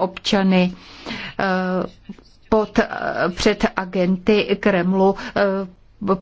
občany eh, pod, eh, před agenty Kremlu eh,